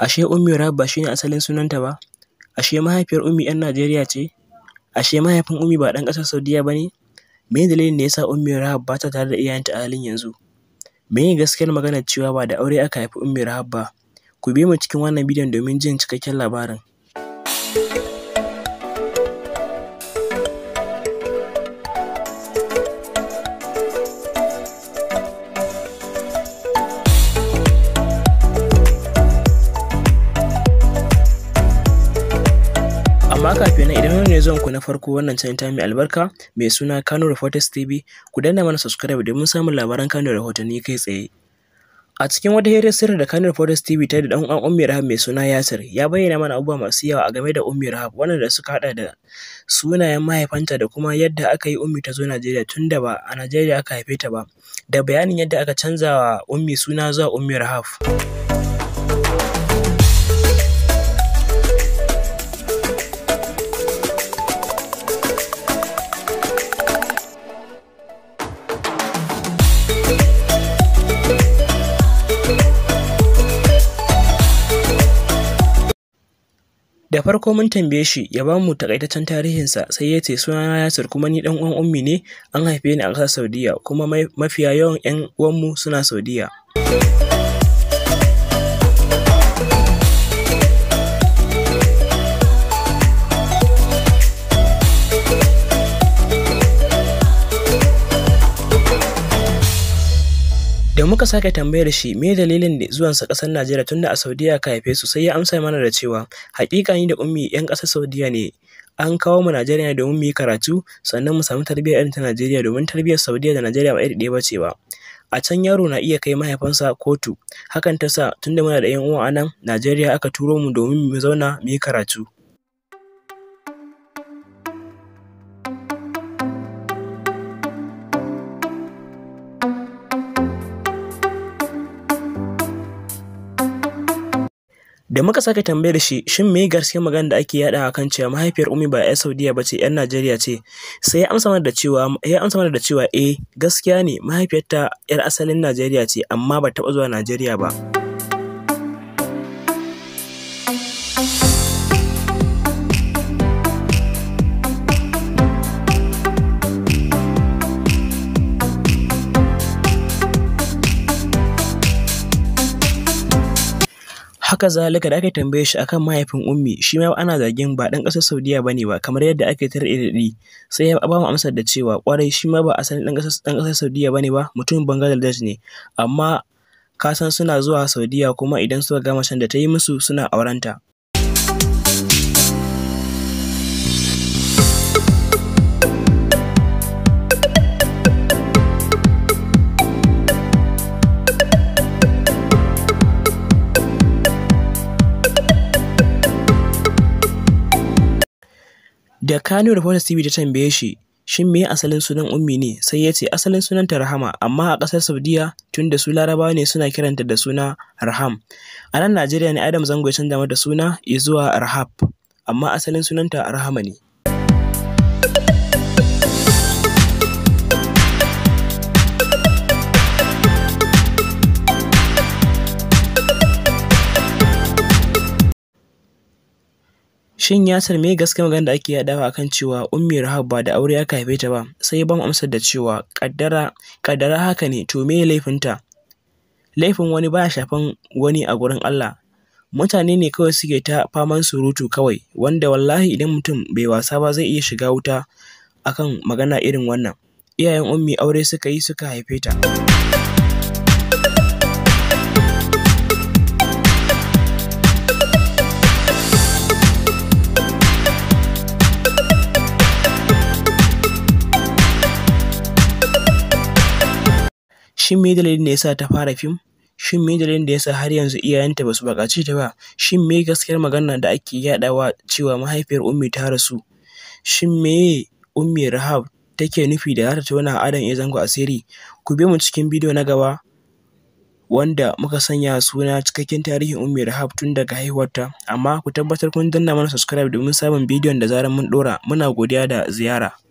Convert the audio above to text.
Ashe Ummi Rahab ba shi ne asalin sunanta ba? Ashe mahaifiyar Ummi 'yan Najeriya ce? Ashe mahaifin Ummi ba ɗan ƙasar Saudiya ba ne? Me dalilin da ya sa Ummi Rahab ba ta tare da iyayenta a halin yanzu? Me ne gaskiyar maganar cewa ba da aure aka haifi Ummi Rahab ba? Ku biyo mu cikin wannan bidiyon domin jin cikakken labarin. amma kafin na idan wani ne zuwan ku na farko wannan channel ta mai albarka mai suna Kano Reporters TV ku danna mana subscribe domin samun labaran Kano rahotanni kai tsaye a cikin wata hirar sirri da Kano Reporters TV ta da dan uwan Ummi Rahab mai suna Yasir ya bayyana mana abubuwa masu yawa a game da Ummi Rahab wanda suka hada da sunayen mahaifanta da kuma yadda aka yi Ummi ta zo Najeriya tun da ba a Najeriya aka haife ta ba da bayanin yadda aka canza wa Ummi suna zuwa Ummi Rahab Da farko mun tambaye shi ya ba mu takaitaccen tarihinsa sai ya ce suna sunana Yasir kuma ni dan uwan ummi ne an haife ni a ƙasar Saudiya kuma mafiya yawan 'yan uwanmu suna Saudiya. da muka sake tambayar shi me dalilin da zuwansa kasar Najeriya tunda a Saudiya ka haife su sai ya amsa mana da cewa hakika ni da ummi 'yan kasar Saudiya ne an kawo mu Najeriya domin mu yi karatu sannan mu samu tarbiyyar irin ta Najeriya domin tarbiyyar Saudiya da Najeriya ba iri ɗaya bace ba a can yaro na iya kai mahaifansa kotu hakan ta sa tunda muna da 'yan uwa a Najeriya aka turo mu domin mu zauna mu yi karatu da muka sake tambayar shi shin me gaskiyar magana da ake yada kan cewa mahaifiyar Umi ba 'yar Saudiya bace 'yan Najeriya ce sai ya amsa mana da cewa ya amsa mana da cewa eh gaskiya ne mahaifiyarta 'yar asalin Najeriya ce amma ba taɓa zuwa Najeriya ba. haka zalika da aka tambaye shi akan mahaifin ummi shi ma ana zargin ba dan kasar saudiya bane ba kamar yadda ake tarɗe da sai ya ba mu amsar da cewa kwarai shi ma ba asalin dan kasar dan kasar saudiya bane ba mutumin bangladesh ne amma kasan suna zuwa saudiya kuma idan suka gama shan da ta yi musu suna aurenta Da Kano Reporters TV ta tambaye shi, shin me asalin sunan ummi ne? Sai ya ce asalin sunanta Rahama, amma a ƙasar Saudiya tun da su Larabawa ne suna kiranta da suna Raham. A nan Najeriya ne Adam Zango ya canza mata suna zuwa Rahab, amma asalin sunanta Rahama ne. Shin ya san me gaskiya magana da ake yadawa akan cewa Ummi Rahab ba da aure aka haife ta ba? Sai ban bamu amsar da cewa kaddara kaddara haka ne to me ta? Laifin wani baya shafan wani a gurin Allah. Mutane ne kawai suke ta faman surutu kawai wanda wallahi idan mutum bai wasa ba zai iya shiga wuta akan magana irin wannan. Iyayen Ummi aure suka yi suka haife ta. Shin me dalilin da ya ta fara fim? Shin me dalilin da ya har yanzu iyayenta ba su buƙace ta ba? Shin me gaskiyar magana da ake yaɗawa cewa mahaifiyar Ummi ta rasu? Shin me Ummi Rahab take nufi da za ta tona Adam ya Zango asiri? Ku bi mu cikin bidiyo na gaba wanda muka sanya suna cikakken tarihin Ummi Rahab tun daga haihuwarta, amma ku tabbatar kun danna mana subscribe domin samun bidiyon da zarar mun ɗora. Muna godiya da ziyara.